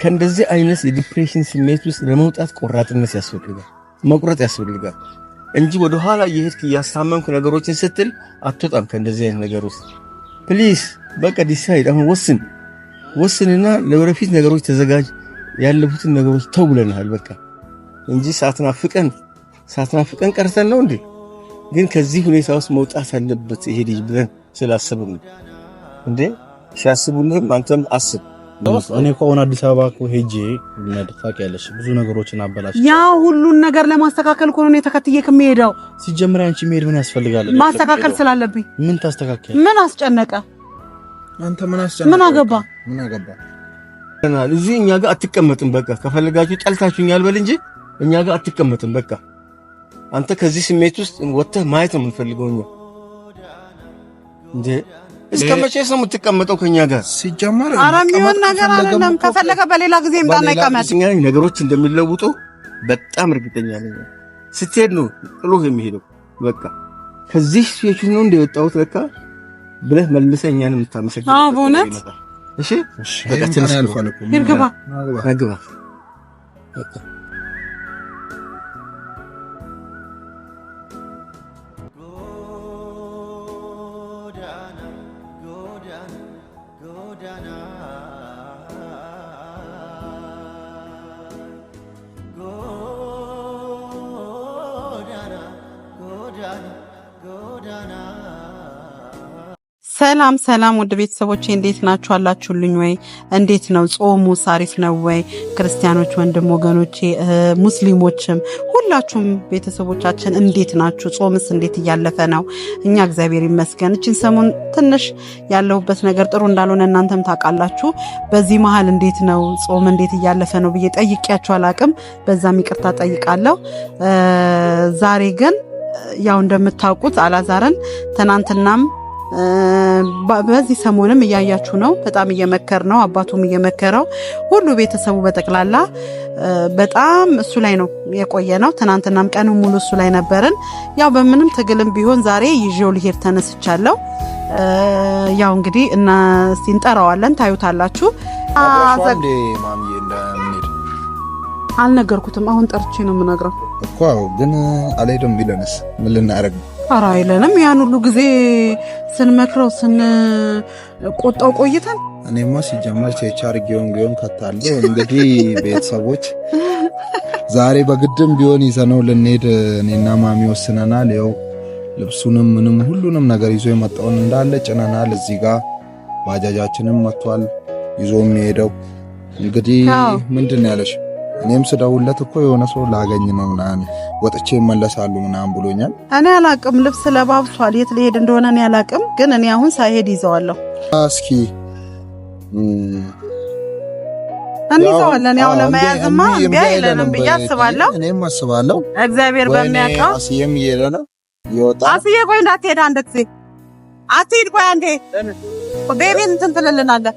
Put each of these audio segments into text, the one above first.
ከእንደዚህ አይነት የዲፕሬሽን ስሜት ውስጥ ለመውጣት ቆራጥነት ያስፈልጋል፣ መቁረጥ ያስፈልጋል እንጂ ወደኋላ እየሄድክ እያሳመምክ ነገሮችን ስትል አትወጣም። ከእንደዚህ አይነት ነገር ውስጥ ፕሊስ፣ በቃ ዲሳይድ፣ አሁን ወስን ወስንና ለወደፊት ነገሮች ተዘጋጅ። ያለፉትን ነገሮች ተው ብለናል በቃ እንጂ ሳትናፍቀን ሳትናፍቀን ቀርተን ነው እንዴ? ግን ከዚህ ሁኔታ ውስጥ መውጣት አለበት ይሄ ልጅ ብለን ስላሰብም እንዴ ሲያስቡልህም አንተም አስብ። እኔ እኮ አሁን አዲስ አበባ እኮ ሄጄ ያለሽ ብዙ ነገሮችን አበላሽ። ያ ሁሉን ነገር ለማስተካከል እኮ ነው ተከትዬ ከመሄዳው። ሲጀምር አንቺ መሄድ ምን ያስፈልጋል? ማስተካከል ስላለብኝ። ምን ታስተካከል? ምን አስጨነቀ? አንተ ምን አስጨነቀ? ምን አገባ? ምን አገባ? እዚህ እኛ ጋር አትቀመጥም። በቃ ከፈልጋችሁ ጠልታችሁኛል በል እንጂ እኛ ጋር አትቀመጥም። በቃ አንተ ከዚህ ስሜት ውስጥ ወጥተህ ማየት ነው የምንፈልገው እኛ እስከ መቼስ ነው የምትቀመጠው ከኛ ጋር? ሲጀመር ኧረ የሚሆን ነገር አይደለም። ከፈለገ በሌላ ጊዜ ምጣና ይቀመጥ። ነገሮች እንደሚለውጡ በጣም እርግጠኛ ነኝ። ስትሄድ ነው ጥሎህ የሚሄደው። በቃ ከዚህ ሲቹን ነው እንደወጣሁት በቃ ብለህ መልሰህ እኛን የምታመሰግነው። አዎ በእውነት እሺ፣ በቃ ትንሽ ይርግባ ሰላም ሰላም ወደ ቤተሰቦቼ እንዴት ናችሁ? አላችሁልኝ ወይ? እንዴት ነው ጾሙ አሪፍ ነው ወይ? ክርስቲያኖች ወንድም ወገኖቼ፣ ሙስሊሞችም ሁላችሁም ቤተሰቦቻችን እንዴት ናችሁ? ጾምስ እንዴት እያለፈ ነው? እኛ እግዚአብሔር ይመስገን። እችን ሰሞን ትንሽ ያለሁበት ነገር ጥሩ እንዳልሆነ እናንተም ታውቃላችሁ። በዚህ መሀል እንዴት ነው ጾም እንዴት እያለፈ ነው ብዬ ጠይቄያችሁ አላቅም። በዛም ይቅርታ ጠይቃለሁ። ዛሬ ግን ያው እንደምታውቁት አላዛርን ትናንትናም በዚህ ሰሞንም እያያችሁ ነው። በጣም እየመከር ነው፣ አባቱም እየመከረው ሁሉ ቤተሰቡ በጠቅላላ በጣም እሱ ላይ ነው የቆየ ነው። ትናንትናም ቀን ሙሉ እሱ ላይ ነበርን። ያው በምንም ትግልም ቢሆን ዛሬ ይዤው ልሄድ ተነስቻለሁ። ያው እንግዲህ እና እስቲ እንጠራዋለን፣ ታዩታላችሁ። አልነገርኩትም፣ አሁን ጠርቼ ነው የምነግረው እኮ ግን አልሄድም ቢለንስ ምን ልናደርግ ነው? ኧረ አይለንም። ያን ሁሉ ጊዜ ስንመክረው ስንቆጣው ቆይተን እኔማ ሲጀመር ቼቻር ጊዮን ጊዮን ከታለ እንግዲህ ቤተሰቦች ዛሬ በግድም ቢሆን ይዘነው ልንሄድ እኔና ማሚ ወስነናል። ይኸው ልብሱንም ምንም ሁሉንም ነገር ይዞ የመጣውን እንዳለ ጭነናል። እዚህ ጋር ባጃጃችንም መጥቷል ይዞ የሚሄደው እንግዲህ ምንድን ያለሽ እኔም ስደውለት እኮ የሆነ ሰው ላገኝ ነው ምናምን ወጥቼ ይመለሳሉ ምናምን ብሎኛል። እኔ አላቅም፣ ልብስ ለባብሷል። የት ሊሄድ እንደሆነ እኔ አላቅም፣ ግን እኔ አሁን ሳይሄድ ይዘዋለሁ። እስኪ እንይዘዋለን። ያው ለመያዝማ እምቢ አይለንም ብዬ አስባለሁ። እኔም አስባለሁ። እግዚአብሔር በሚያውቀው አስዬም እየሄደ ነው ይወጣ። አስዬ ቆይ እንዳትሄድ፣ አንድ ጊዜ ቆይ አንዴ ቤቢን እንትን ትልልናለህ።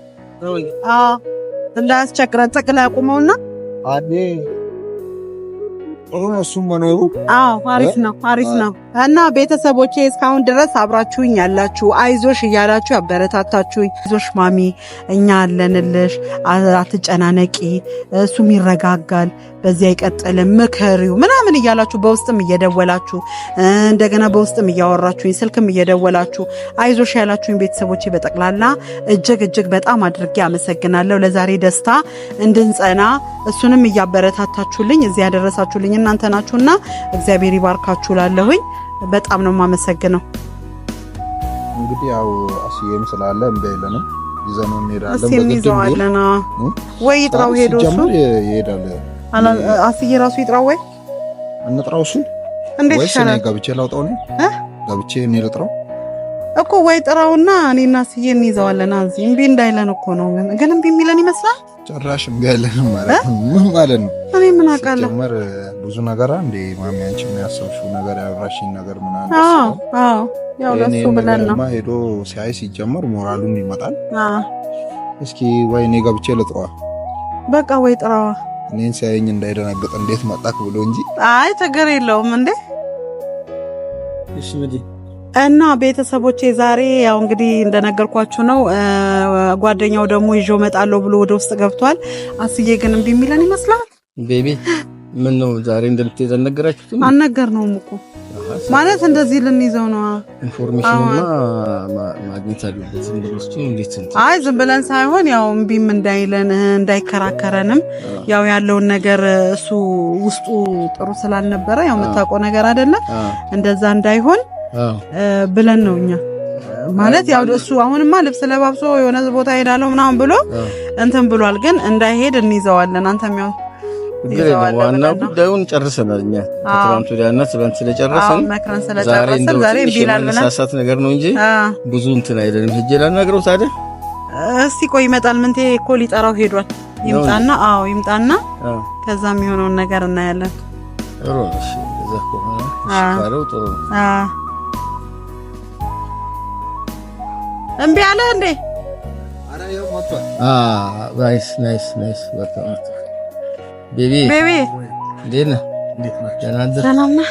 అదే సుమ్మనూరు እና ቤተሰቦቼ እስካሁን ድረስ አብራችሁኝ ያላችሁ አይዞሽ እያላችሁ ያበረታታችሁኝ፣ አይዞሽ ማሚ እኛ አለንልሽ፣ አትጨናነቂ፣ እሱም ይረጋጋል፣ በዚህ አይቀጥልም፣ ምክሪው ምናምን እያላችሁ በውስጥም እየደወላችሁ እንደገና በውስጥም እያወራችሁኝ ስልክም እየደወላችሁ አይዞሽ ያላችሁኝ ቤተሰቦቼ በጠቅላላ እጅግ እጅግ በጣም አድርጌ አመሰግናለሁ። ለዛሬ ደስታ እንድንጸና እሱንም እያበረታታችሁልኝ እዚህ ያደረሳችሁልኝ እናንተ ናችሁና እግዚአብሔር ይባርካችሁ ላለሁኝ በጣም ነው የማመሰግነው። እንግዲህ ያው አስዬም ስላለ እምቢ አይለንም፣ ይዘነው እንሄዳለን። ወይ ይጥራው ሄዶ እሱ ይሄዳል። አስዬ ራሱ ይጥራው ወይ እንጥራው እንዴት ይሻላል? ላውጣው ነው እኔ ልጥራው እኮ ወይ ጥራውና እኔና አስዬ እንይዘዋለን። እዚህ እምቢ እንዳይለን እኮ ነው። ግን እምቢ የሚለን ይመስላል ጭራሽ እምቢ ማለት ምን ማለት ነው? እኔ ምን አውቃለሁ። ጀመር ብዙ ነገር አንድ ማሚ አንቺ የሚያሰብሽው ነገር ያወራሽኝ ነገር ምናምን። አዎ አዎ፣ ያው ለሱ ብለን ነው ሄዶ ሲያይ ሲጀመር ሞራሉን ይመጣል። እስኪ ወይ እኔ ገብቼ ልጥሯዋ፣ በቃ ወይ ጥራዋ፣ እኔን ሲያየኝ እንዳይደነግጥ እንዴት መጣክ ብሎ እንጂ። አይ ችግር የለውም እንዴ። እሺ እና ቤተሰቦቼ ዛሬ ያው እንግዲህ እንደነገርኳችሁ ነው። ጓደኛው ደግሞ ይዞ እመጣለሁ ብሎ ወደ ውስጥ ገብቷል። አስዬ ግን እምቢ የሚለን ይመስላል። ቤቢ ምን ነው ዛሬ እንደምትሄድ አልነገራችሁትም? ነው እኮ ማለት እንደዚህ ልንይዘው ነው። ኢንፎርሜሽንማ ማግኘት አለበት። አይ ዝም ብለን ሳይሆን ያው እምቢም እንዳይለን እንዳይከራከረንም ያው ያለውን ነገር እሱ ውስጡ ጥሩ ስላልነበረ ያው የምታውቀው ነገር አይደለም እንደዛ እንዳይሆን ብለን ነው እኛ ማለት ያው እሱ አሁንማ ልብስ ለባብሶ የሆነ ቦታ ሄዳለሁ ምናምን ብሎ እንትን ብሏል። ግን እንዳይሄድ እንይዘዋለን። አንተም ያው ዋና ጉዳዩን ጨርሰናል። እኛ ከትናንት ወዲያና ትናንት ስለጨረሰን ዛሬ እንደሳሳት ነገር ነው እንጂ ብዙ እንትን አይደለም። ሄጄ ላናግረው ታዲያ። እስቲ ቆይ ይመጣል። ምንቴ እኮ ሊጠራው ሄዷል። ይምጣና አዎ ይምጣና ከዛም የሚሆነውን ነገር እናያለን። ጥሩ ጥሩ እምቢ አለህ እንዴ? ናይስ ናይስ ናይስ። ቤቢ ቤቢ፣ እንዴት ነህ? ሰላም ነህ?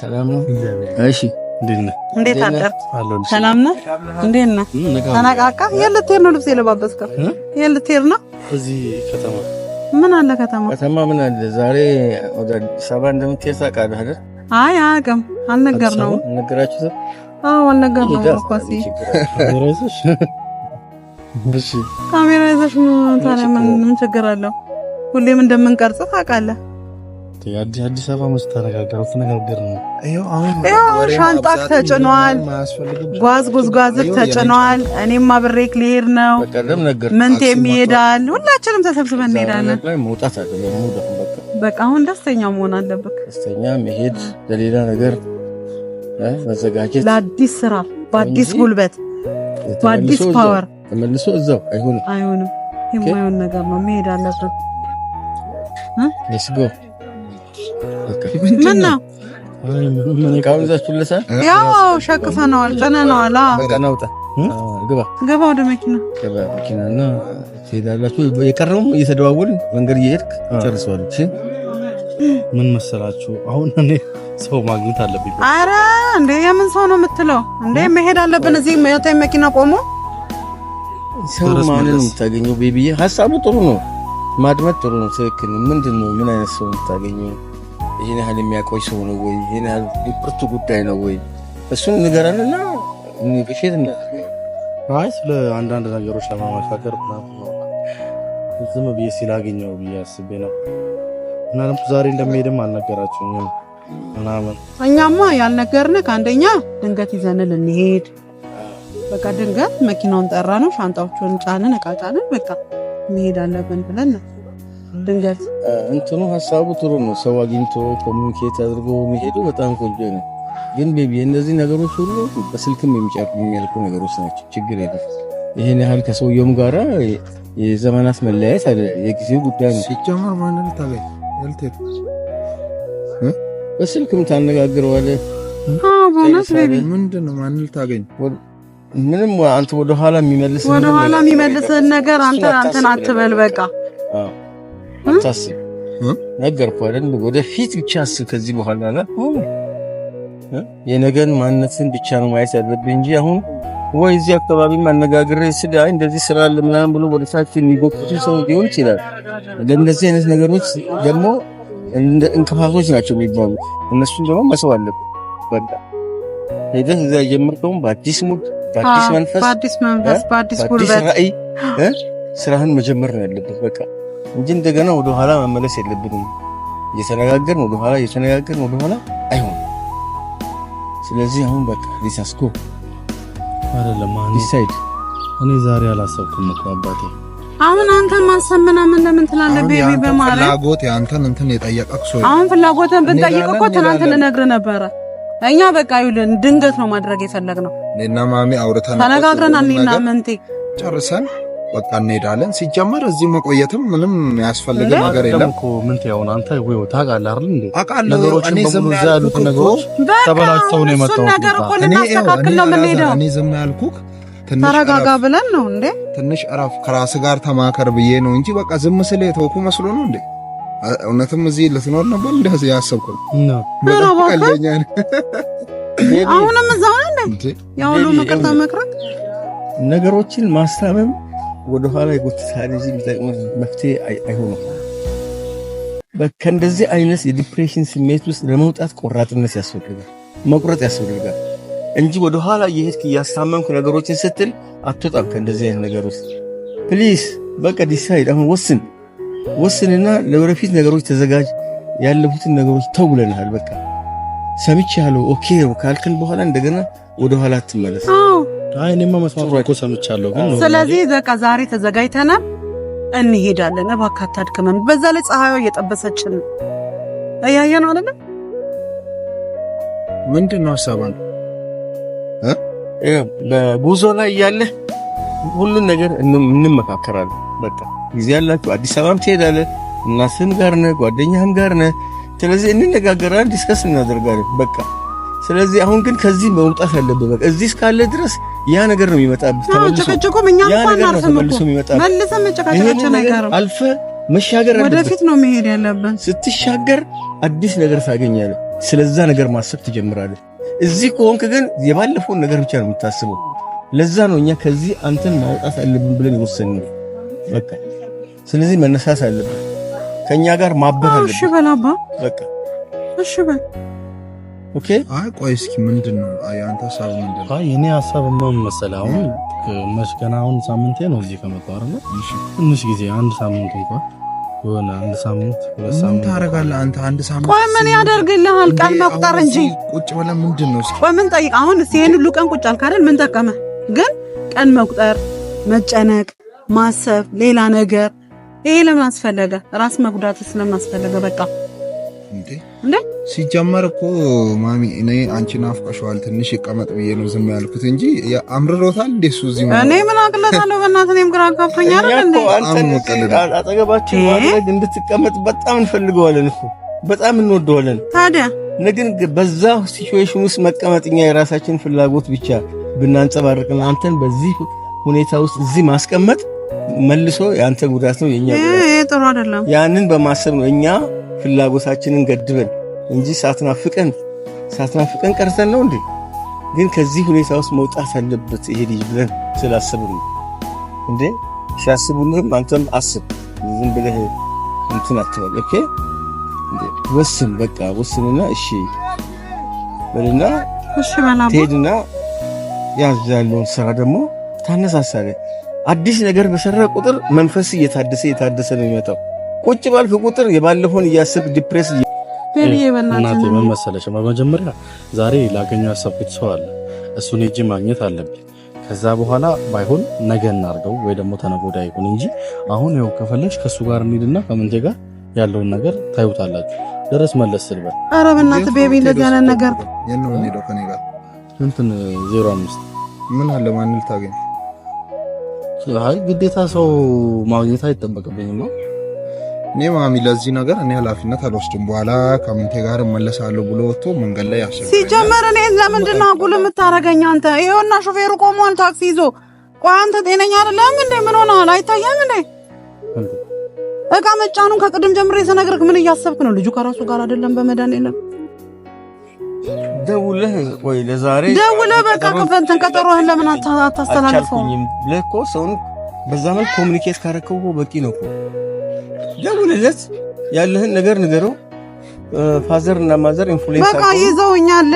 ሰላም ነው። እሺ፣ እንዴት አደርክ? ሰላም ነህ? እንዴት ነህ? ተነቃቃ። የት ልትሄድ ነው? ልብስ የለባበስከው የት ልትሄድ ነው? እዚህ ከተማ ምን አለ? ከተማ ከተማ ምን አለ? ዛሬ ወደ አዲስ አበባ እንደምትሄድ ታውቃለህ አይደል? አይ አያውቅም፣ አልነገርነውም። አልነገራችሁትም አዎ ካሜራ ይዘሽ ታዲያ ምን ችግር አለው? ሁሌም እንደምንቀርጽ ታውቃለህ። አዲስ አበባ መስታረጋገሩ ተነጋገር ነው። ሻንጣክ ተጭኗል፣ ጓዝ ጉዝጓዝ ተጭኗል። እኔም አብሬክ ልሄድ ነው። ምንቴም ይሄዳል። ሁላችንም ተሰብስበን እንሄዳለን። በቃ አሁን ደስተኛው መሆን አለበት። ደስተኛ መሄድ ለሌላ ነገር መዘጋጀት ለአዲስ ስራ በአዲስ ጉልበት በአዲስ ፓወር ተመልሶ እዛው አይሆንም፣ አይሆንም። የማይሆን ነገር ነው። መሄድ አለብን። ያው ግባ ግባ፣ ወደ መኪና ግባ። መኪና እና ትሄዳላችሁ። የቀረውም እየተደዋወልን መንገድ እየሄድክ ጨርሰዋል። ምን መሰላችሁ አሁን እኔ ሰው ማግኘት አለብኝ። አረ እንዴ የምን ሰው ነው የምትለው? እንዴ መሄድ አለብን። እዚህ መዮታ መኪና ቆሞ ሰው ማንን የምታገኘው? ቤቢዬ ሀሳቡ ጥሩ ነው፣ ማድመት ጥሩ ነው፣ ትክክል ምንድን ነው ምን አይነት ሰው የምታገኘው? ይህን ያህል የሚያቆይ ሰው ነው ወይ? ይህን ያህል የብርቱ ጉዳይ ነው ወይ? እሱን ንገረንና ግፌት አይ ስለ አንዳንድ ነገሮች ለማመካከር ዝም ብዬ ሲላገኘው ብዬ አስቤ ነው እና ዛሬ እንደሚሄድም አልነገራችሁም። ምናምን እኛማ ያልነገርን አንደኛ ድንገት ይዘን ልንሄድ በቃ ድንገት መኪናውን ጠራ ነው ሻንጣዎቹን ጫንን እቃ ጫንን በቃ መሄድ አለብን ብለን ነው። ድንገት እንትኑ ሀሳቡ ጥሩ ነው። ሰው አግኝቶ ኮሚኒኬት አድርጎ መሄዱ በጣም ቆንጆ ነው። ግን ቤቢ እነዚህ ነገሮች ሁሉ በስልክም የሚያልቁ ነገሮች ናቸው። ችግር የለም። ይህን ያህል ከሰውየውም ጋራ የዘመናት መለያየት የጊዜው ጉዳይ ነው። ሲጀመር ማንነት አለ በስልክም ታነጋግረዋለህ። በእውነት ምንድን ነው ማን ልታገኝ ምንም አንተ ወደ ኋላ የሚመልስ ወደ ኋላ የሚመልስህን ነገር አንተ አንተን አትበል። በቃ አታስብ፣ ነገርኩህ አይደል? ወደፊት ብቻ አስብ። ከዚህ በኋላ የነገን ማንነትን ብቻ ነው ማየት ያለብህ እንጂ አሁን ወይ እዚህ አካባቢ አነጋግሬ ስለ አይ እንደዚህ ስራ አለ ምናምን ብሎ ወደ ታች የሚጎትቱ ሰው ሊሆን ይችላል። ለእንደዚህ አይነት ነገሮች ደግሞ እንቅፋቶች ናቸው የሚባሉ እነሱን ደግሞ መሰው አለብን። በቃ ሄደህ እዛ ጀምር በአዲስ ሙድ፣ በአዲስ መንፈስ፣ በአዲስ ራዕይ ስራህን መጀመር ነው ያለበት በቃ እንጂ እንደገና ወደኋላ መመለስ የለብንም። እየተነጋገርን ወደኋላ እየተነጋገርን ወደኋላ አይሆንም። ስለዚህ አሁን በቃ ዲሳስኮ አይደለም ዲሳይድ እኔ ዛሬ አላሰብኩም እኮ አባቴ አሁን አንተ ማሰብ ምን ለምን ትላለህ? ቤቢ በማለት ፍላጎት ያንተን እንትን የጠየቀክ ሰው አሁን ፍላጎትን ብንጠይቅ እኮ ትናንት ልነግርህ ነበረ። እኛ በቃ ይልን ድንገት ነው ማድረግ የፈለግነው። እኔና ማሚ አውርተን ተነጋግረናል። እኔና ምንቴ ጨርሰን በቃ እንሄዳለን። ሲጀመር እዚህ መቆየትም ምንም ያስፈልግ ነገር የለም እኮ ምንት ያው አንተ ወይ ታውቃለህ አይደል እንዴ? አውቃለሁ። እኔ ዝም ያሉት ነገሮች ተበላሽተው ነው የመጣው ነገር እኮ እኔ ዝም ያልኩህ ተረጋጋ ብለን ነው እንዴ ትንሽ እረፍ፣ ከራስ ጋር ተማከር ብዬ ነው እንጂ በቃ ዝም ስል የተወኩ መስሎ ነው እንዴ? እውነትም እዚህ ልትኖር ነበር እንደዚህ ያሰብኩ። በጣም አሁንም እዛው ነህ እንዴ? ያው ነው ነገሮችን ማስታመም ወደኋላ ይጎትታል እንጂ የሚጠቅም መፍትሄ አይሆንም። ከእንደዚህ አይነት የዲፕሬሽን ስሜት ውስጥ ለመውጣት ቆራጥነት ያስፈልጋል፣ መቁረጥ ያስፈልጋል። እንጂ ወደ ኋላ እየሄድክ እያሳመምክ ነገሮችን ስትል አትወጣም ከእንደዚህ አይነት ነገር ውስጥ። ፕሊስ በቃ ዲሳይድ አሁን ወስን ወስንና ለወደፊት ነገሮች ተዘጋጅ። ያለፉትን ነገሮች ተውለናል በቃ ሰምቻለሁ ኦኬ ካልክን በኋላ እንደገና ወደ ኋላ አትመለስ። አይ እኔማ መስማት እኮ ሰምቻለሁ። ስለዚህ በቃ ዛሬ ተዘጋጅተናል እንሄዳለን። እባክህ አታድክመን። በዛ ላይ ፀሐዩ እየጠበሰችን እያየን ነው አይደል? ምንድን ነው ሀሳብ በጉዞ ላይ እያለ ሁሉን ነገር እንመካከራለን። በቃ ጊዜ ያላችሁ አዲስ አበባም ትሄዳለ እናትህም ጋር ነህ፣ ጓደኛህም ጋር ነህ። ስለዚህ እንነጋገራለን፣ ዲስከስ እናደርጋለን። በቃ ስለዚህ አሁን ግን ከዚህ መውጣት አለብህ። በቃ እዚህ እስካለ ድረስ ያ ነገር ነው የሚመጣብህ፣ ተመልሶ መሻገር አለብህ። ወደፊት ነው መሄድ ያለብን። ስትሻገር አዲስ ነገር ታገኛለህ። ስለዛ ነገር ማሰብ ትጀምራለህ። እዚህ ከሆንክ ግን የባለፈውን ነገር ብቻ ነው የምታስበው። ለዛ ነው እኛ ከዚህ አንተን ማውጣት አለብን ብለን የወሰን። በቃ ስለዚህ መነሳት አለብን፣ ከእኛ ጋር ማበር አለብን። እሺ በል አባ፣ በቃ እሺ በል ኦኬ። አይ ቆይ እስኪ ምንድን ነው የአንተ ሀሳብ ምንድን ነው? የኔ ሀሳብ ምን መሰለህ፣ አሁን መች አሁን ሳምንቴ ነው እዚህ ከመጣሁ አይደል? ትንሽ ጊዜ አንድ ሳምንት እንኳን የሆነ አንድ ሳምንት ሁለት ሳምንት ታደርጋለህ። አንተ አንድ ሳምንት ቆይ፣ ምን ያደርግልሃል? ቀን መቁጠር እንጂ ቁጭ ብለን ምንድን ነው ቆይ ምን ጠይቅ። አሁን እስኪ ይሄን ሁሉ ቀን ቁጭ አልክ አይደል? ምን ጠቀመ? ግን ቀን መቁጠር፣ መጨነቅ፣ ማሰብ፣ ሌላ ነገር ይሄ ለምን አስፈለገ? ራስ መጉዳትስ ለምን አስፈለገ? በቃ እንዴ ሲጀመር እኮ ማሚ እኔ አንቺ ናፍቀሽዋል ትንሽ ይቀመጥ ብዬ ነው ዝም ያልኩት እንጂ አምርሮታል እንዴ እሱ እዚህ እኔ ምን አቅለታለሁ በእናትህ እኔም ግራ አጋብቶኛል እንዴ አጠገባችን ማድረግ እንድትቀመጥ በጣም እንፈልገዋለን እኮ በጣም እንወደዋለን ታዲያ ነግን በዛ ሲቹዌሽን ውስጥ መቀመጥኛ የራሳችን ፍላጎት ብቻ ብናንጸባርቅና አንተን በዚህ ሁኔታ ውስጥ እዚህ ማስቀመጥ መልሶ የአንተ ጉዳት ነው የኛ ጥሩ አይደለም ያንን በማሰብ ነው እኛ ፍላጎታችንን ገድበን እንጂ ሳትናፍቀን ሳትናፍቀን ቀርተን ነው እንዴ? ግን ከዚህ ሁኔታ ውስጥ መውጣት አለበት ይሄ ልጅ ብለን ስላሰብን እንዴ ሲያስቡልህም አንተም አስብ። ዝም ብለህ እንትን አትበል። ኦኬ ወስን፣ በቃ ወስንና እሺ በልና ትሄድና ያዝ ያለውን ስራ ደግሞ ታነሳሳለ። አዲስ ነገር በሰራ ቁጥር መንፈስ እየታደሰ እየታደሰ ነው የሚመጣው። ቁጭ ባልክ ቁጥር የባለፈውን እያስብ ዲፕሬስ እናቴ ምን መሰለሽ፣ በመጀመሪያ ዛሬ ላገኘው ያሰብኩት ሰው አለ። እሱን ሄጄ ማግኘት አለብኝ። ከዛ በኋላ ባይሆን ነገ አርገው ወይ ደግሞ ተነገ ወዲያ ይሁን እንጂ አሁን ያው ከፈለሽ ከእሱ ጋር እንሂድና ከምንቴ ጋር ያለውን ነገር ታዩታላችሁ። ደረስ መለስ ስልበል። ኧረ በእናትህ ቤቢ፣ እንደዚህ አይነት ነገር የት ነው የምንሄደው? ጋር እንትን ዜሮ አምስት ምን አለ ማንል ታገኝ። አይ ግዴታ ሰው ማግኘት አይጠበቅብኝም ነው እኔ ማሚ ለዚህ ነገር እኔ ኃላፊነት አልወስድም፣ በኋላ ከአምንቴ ጋር እመለሳለሁ ብሎ ወጥቶ መንገድ ላይ ያሰብ ሲጀመር እኔ ለምንድን ነው አጉል የምታረገኝ አንተ? ይኸውና ሾፌሩ ቆሟል ታክሲ ይዞ። ቆይ አንተ ጤነኛ አይደለም እንዴ? ምን ሆነሃል? አይታየም እንዴ እቃ መጫኑን ከቅድም ጀምሬ ስነግርህ ምን እያሰብክ ነው? ልጁ ከራሱ ጋር አይደለም። በመዳን የለም ደውለህ ቆይ ለዛሬ ደውለህ በቃ ከፈንተን ቀጠሮህን ለምን አታስተላልፈውም? ለኮ ሰውን በዛ መልክ ኮሚኒኬት ካረከው በቂ ነው። ደውልለት፣ ያለህን ነገር ንገረው። ፋዘር እና ማዘር ኢንፍሉዌንስ በቃ ይዘውኛል።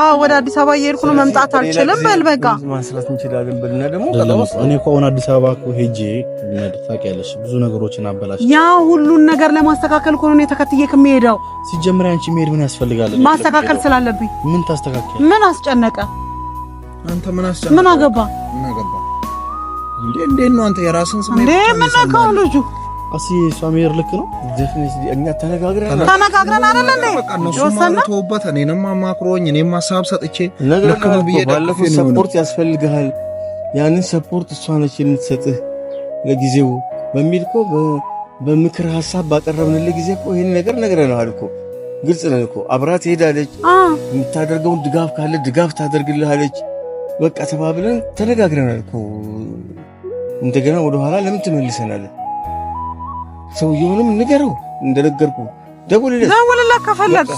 አዎ ወደ አዲስ አበባ እየሄድኩ ነው፣ መምጣት አልችልም በል በቃ ማስላት እንችላለን ብልና ደግሞ እኔ እኮ አሁን አዲስ አበባ እኮ ሄጄ መድፋቅ ያለሽ ብዙ ነገሮችን አበላሽ። ያ ሁሉን ነገር ለማስተካከል እኮ ነው እኔ ተከትዬ ከሚሄደው። ሲጀምር አንቺ መሄድ ምን ያስፈልጋል? ማስተካከል ስላለብኝ ምን ታስተካከል? ምን አስጨነቀ? አንተ ምን አስጨነቀ? ምን አገባ? ምን አገባ? እንዴ እንዴ ነው አንተ የራስን ስሜት እንዴ? ምን ልጁ አሲ እሷ መሄድ ልክ ነው። እኛ ተነጋግረን ተነጋግረን አይደል እንዴ? ተውበት። እኔንም አማክሮኝ እኔም ሀሳብ ሰጥቼ ነው ባለፈው ሰፖርት ያስፈልግሃል፣ ያንን ሰፖርት እሷ ነች የምትሰጥህ ለጊዜው በሚል እኮ በምክር ሀሳብ ባቀረብንልህ ጊዜ እኮ ይሄን ነገር ነግረንሃል እኮ ግልጽ ነን እኮ። አብራት ትሄዳለች፣ የምታደርገውን ድጋፍ ካለ ድጋፍ ታደርግልሃለች። በቃ ተባብለን ተነጋግረናል እኮ። እንደገና ወደኋላ ለምን ትመልሰናለን? ሰውየውንም ንገረው እንደነገርኩ ደውልለት ደውልለት ከፈለገ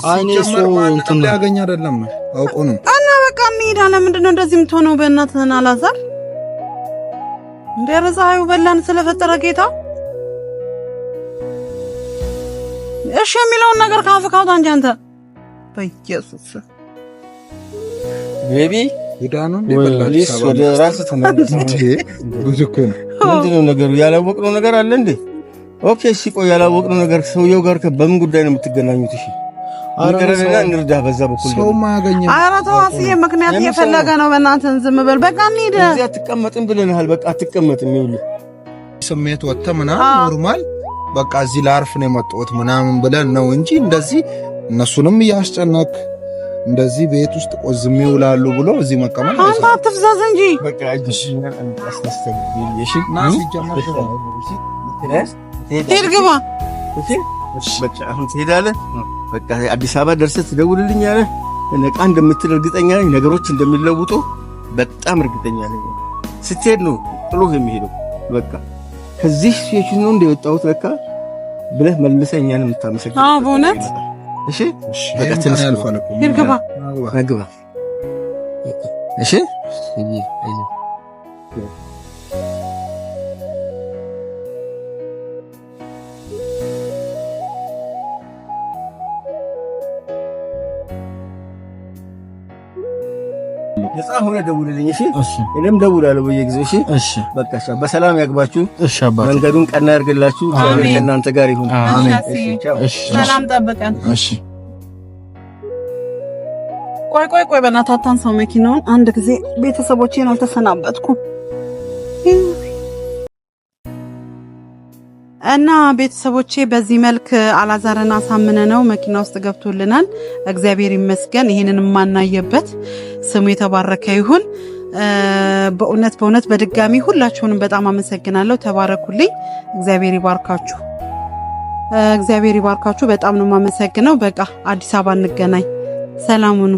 በላን ስለፈጠረ ጌታ እሺ የሚለውን ነገር ካፍህ ካውጣ እንጂ አንተ በኢየሱስ ቤቢ ወደ ራስህ ተመልሰህ ምንድን ነው ነገሩ? ያላወቅነው ነገር አለ እንዴ? ኦኬ እሺ፣ ቆይ ያላወቅነው ነገር ሰውየው ጋር በምን ጉዳይ ነው የምትገናኙት? እሺ፣ እንቅረብና እንርዳ። በዛ በኩል ሰው ማገኘ አራታው ተው አስዬ፣ ምክንያት እየፈለገ ነው። በእናትህ ዝም በል በቃ እንሂድ። እዚህ አትቀመጥም ብለናል። በቃ አትቀመጥም። ይኸውልህ ስሜት ወጥተህ ምናምን ኖርማል፣ በቃ እዚህ ላርፍ ነው የመጣሁት ምናምን ብለን ነው እንጂ እንደዚህ እነሱንም እያስጨነቅ እንደዚህ ቤት ውስጥ ቆዝም ይውላሉ ብሎ እዚህ መቀመጥ አንተ አትፍዘዝ እንጂ በቃ እሺ ነው እሺ እሺ ሂድ በቃ አሁን ትሄዳለህ። በቃ አዲስ አበባ ደርሰህ ትደውልልኛለህ። ነቃ እንደምትል እርግጠኛ ነኝ። ነገሮች እንደሚለውጡ በጣም እርግጠኛ ነኝ። ስትሄድ ነው ጥሎህ የሚሄደው። በቃ ከዚህ ሲቹን ነው እንደወጣሁት ለካ ብለህ መልሰህ እኛን የምታመሰግን። አዎ በእውነት እሺ። በቃ ትንሽ ግባ ግባ። እሺ ሆነ ደውልልኝ። እሺ እኔም ደውላለሁ በየጊዜው። እሺ እሺ፣ በቃ በሰላም ያግባችሁ። እሺ አባ መንገዱን ቀና ያርግላችሁ። አሜን። ከእናንተ ጋር ይሁን። አሜን። እሺ፣ ሰላም ጠብቀን። እሺ ቆይ ቆይ ቆይ፣ በእናታታን ሰው መኪናውን አንድ ጊዜ ቤተሰቦቼን አልተሰናበትኩም። እና ቤተሰቦቼ በዚህ መልክ አላዛርን አሳምነ ነው መኪና ውስጥ ገብቶልናል። እግዚአብሔር ይመስገን። ይህንን የማናየበት ስሙ የተባረከ ይሁን። በእውነት በእውነት በድጋሚ ሁላችሁንም በጣም አመሰግናለሁ። ተባረኩልኝ። እግዚአብሔር ይባርካችሁ። እግዚአብሔር ይባርካችሁ። በጣም ነው የማመሰግነው። በቃ አዲስ አበባ እንገናኝ። ሰላሙኑ